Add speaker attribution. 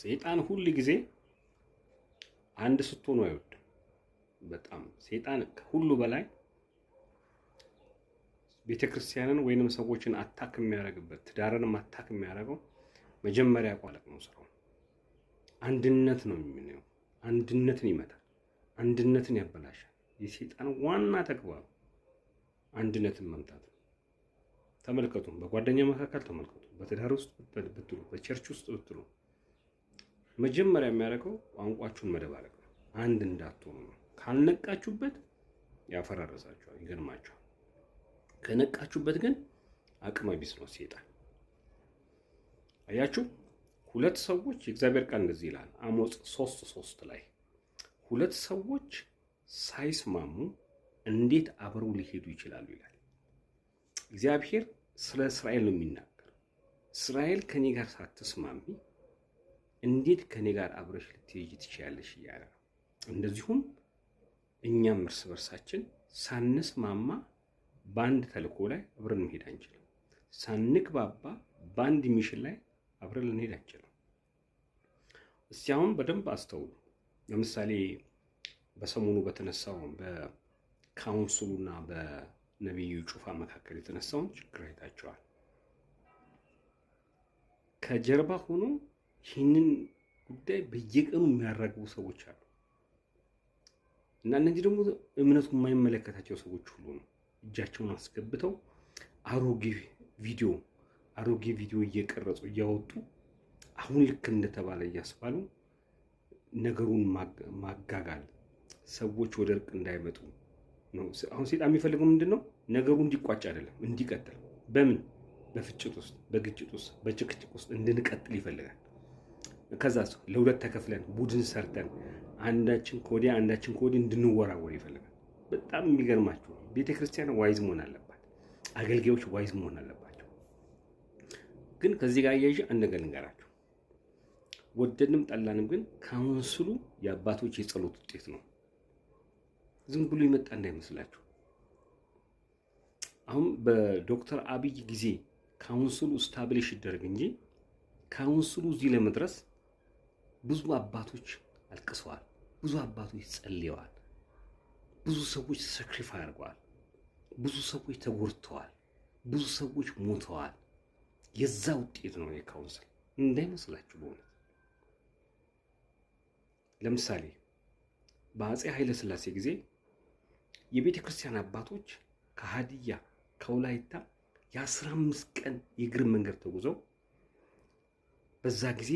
Speaker 1: ሰይጣን ሁል ጊዜ አንድ ስትሆኑ አይወድም። በጣም ሰይጣን ከሁሉ በላይ ቤተክርስቲያንን ወይንም ሰዎችን አታክ የሚያደርግበት ትዳርንም አታክ የሚያደርገው መጀመሪያ ቋለቅ ነው። ስራው አንድነት ነው የሚሆነው። አንድነትን ይመታል። አንድነትን ያበላሻል። የሰይጣን ዋና ተግባሩ አንድነትን መምታት ነው። ተመልከቱ። በጓደኛ መካከል ተመልከቱ። በትዳር ውስጥ ብትሉ፣ በቸርች ውስጥ ብትሉ መጀመሪያ የሚያደርገው ቋንቋችሁን መደባለቅ ነው። አንድ እንዳትሆኑ ነው። ካልነቃችሁበት ያፈራረሳችኋል፣ ይገርማችኋል። ከነቃችሁበት ግን አቅመ ቢስ ነው አያችሁ፣ ሁለት ሰዎች የእግዚአብሔር ቃል እንደዚህ ይላል አሞጽ ሶስት ሶስት ላይ ሁለት ሰዎች ሳይስማሙ እንዴት አብረው ሊሄዱ ይችላሉ ይላል። እግዚአብሔር ስለ እስራኤል ነው የሚናገር። እስራኤል ከኔ ጋር ሳትስማሚ እንዴት ከኔ ጋር አብረሽ ልትሄጂ ትችያለሽ እያለ ነው። እንደዚሁም እኛም እርስ በርሳችን ሳንስማማ በአንድ ተልእኮ ላይ አብረን መሄድ አንችልም። ሳንግባባ በአንድ ሚሽን ላይ አብረን ልንሄድ አንችልም። እስቲ በደንብ አስተውሉ። ለምሳሌ በሰሞኑ በተነሳው ና በነቢዩ ጩፋ መካከል የተነሳውን ችግር አይታቸዋል። ከጀርባ ሆኖ ይህንን ጉዳይ በየቀኑ የሚያራግቡ ሰዎች አሉ እና እነዚህ ደግሞ እምነቱ የማይመለከታቸው ሰዎች ሁሉ ነው እጃቸውን አስገብተው አሮጌ ቪዲዮ አሮጌ ቪዲዮ እየቀረጹ እያወጡ አሁን ልክ እንደተባለ እያስባሉ ነገሩን ማጋጋል ሰዎች ወደ እርቅ እንዳይመጡ ነው። አሁን ሴጣን የሚፈልገው ምንድን ነው? ነገሩ እንዲቋጭ አይደለም፣ እንዲቀጥል። በምን በፍጭት ውስጥ፣ በግጭት ውስጥ፣ በጭቅጭቅ ውስጥ እንድንቀጥል ይፈልጋል። ከዛ ለሁለት ተከፍለን ቡድን ሰርተን አንዳችን ከወዲያ አንዳችን ከወዲህ እንድንወራወር ይፈልጋል። በጣም የሚገርማችሁ ቤተ ክርስቲያን ዋይዝ መሆን አለባት። አገልጋዮች ዋይዝ መሆን አለባቸው። ግን ከዚህ ጋር እያዥ አንድ ነገር ልንገራችሁ። ወደድንም ጠላንም ግን ካውንስሉ የአባቶች የጸሎት ውጤት ነው። ዝም ብሎ ይመጣ እንዳይመስላችሁ። አሁን በዶክተር አብይ ጊዜ ካውንስሉ ስታብሊሽ ይደረግ እንጂ ካውንስሉ እዚህ ለመድረስ ብዙ አባቶች አልቅሰዋል። ብዙ አባቶች ጸልየዋል። ብዙ ሰዎች ሰክሪፋይ አድርገዋል። ብዙ ሰዎች ተጎድተዋል። ብዙ ሰዎች ሞተዋል። የዛ ውጤት ነው የካውንስል እንዳይመስላችሁ። በእውነት ለምሳሌ በአፄ ኃይለ ሥላሴ ጊዜ የቤተ ክርስቲያን አባቶች ከሀዲያ ከውላይታ የአስራ አምስት ቀን የእግር መንገድ ተጉዘው በዛ ጊዜ